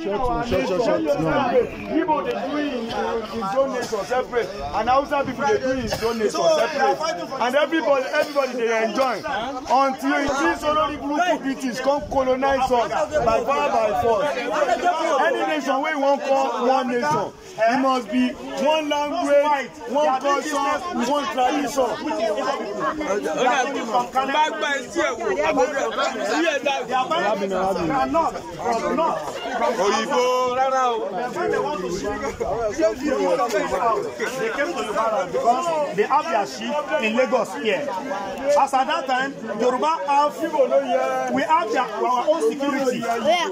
Church, church, church, church. No. Igbo dey do his own nation separate and Hausa people dey do his own nation separate and everybody everybody dey enjoy until you see solori burúkú british come colonize us by power by force. Any nation wey wan call one nation e must be one language one culture one tradition. Bàbá ẹ̀ tí ẹ̀ wò, àbúrò ẹ̀ bá mi sí ẹ̀ dáhùn. Rabin, rabin òyìnbó rárá o. They came to Yoruba because they have their sheep in Lagos here. As at that time, Yoruba have, we have their, our own security. Yeah.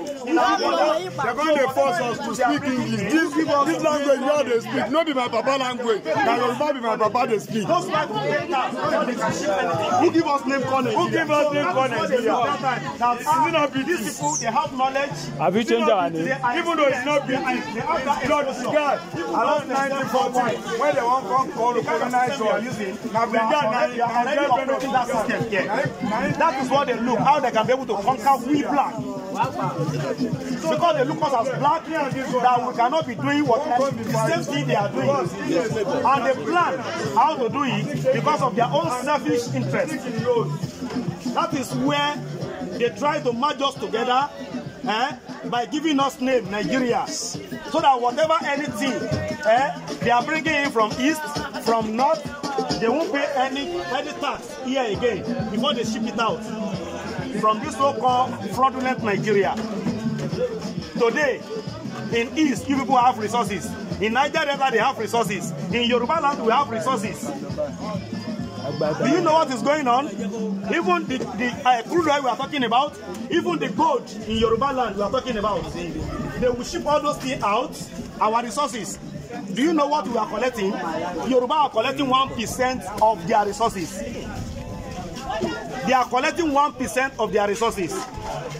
They're going to force us to speak English. This, this language where they speak, not in my papa language. Na Yoruba be my papa they speak. who give us name calling? Who give us name calling? That ah, these people, they have knowledge. Have you changed our name? Even though it's not big, they have that blood guard. Around 1940, when they want to call the colonizer or using, now they are already operating that system That is what they look, how they can be able to conquer we black. Because they look us as black, that we cannot be doing what the same thing they are doing. And they plan how to do it because of their own selfish interest. That is where they try to merge us together eh, by giving us name Nigerians. So that whatever anything eh, they are bringing in from east, from north, they won't pay any, any tax here again before they ship it out from this so-called fraudulent Nigeria. Today, in East, you people have resources. In Niger Delta, they have resources. In Yoruba land, we have resources. Do you know what is going on? Even the, the uh, crude oil we are talking about, even the gold in Yoruba land we are talking about, they will ship all those things out, our resources. Do you know what we are collecting? Yoruba are collecting 1% of their resources. They are collecting one percent of their resources.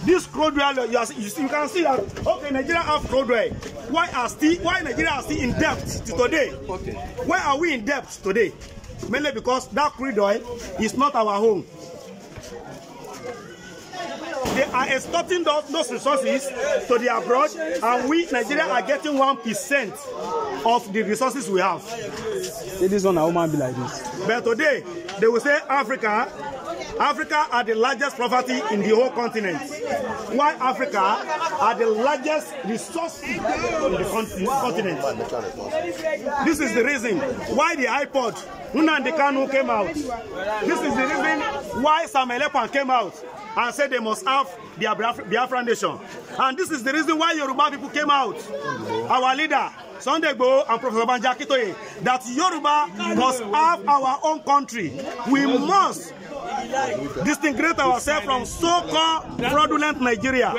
This crude oil, you, you, can see that, okay, Nigeria have crude oil. Why, are still, why Nigeria are still in debt to today? Okay. Why are we in debt today? Mainly because that crude oil is not our home. They are exporting those resources to the abroad, and we, Nigeria, are getting one percent of the resources we have. This one, on our be like this. But today, they will say Africa Africa are the largest poverty in the whole continent, Why Africa are the largest resource in the continent. This is the reason why the iPod, Nnamdi Kanu came out. This is the reason why Sam came out and said they must have the Biafran nation. And this is the reason why Yoruba people came out. Our leader, Sunday Igboho and Professor Banji Akintoye, that Yoruba must have our own country. We must distinguish ourselves from so-called fraudulent Nigeria.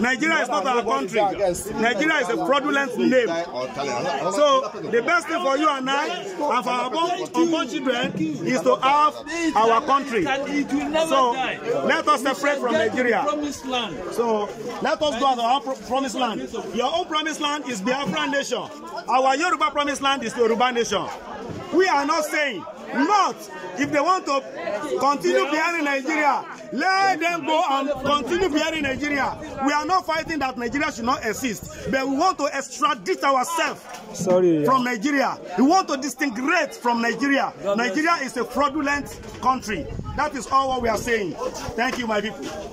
Nigeria is not our country. Nigeria is a fraudulent name. So the best thing for you and I and for our children is to have our country. So let us separate from Nigeria. So let us go to our promised land. Your own promised land is Biafran nation. Our Yoruba promised land is Yoruba nation. We are not saying Not if they want to continue bearing Nigeria. Let them go and continue bearing Nigeria. We are not fighting that Nigeria should not exist, but we want to extradite ourselves from Nigeria. We want to distinguish from Nigeria. Nigeria is a fraudulent country. That is all what we are saying. Thank you, my people.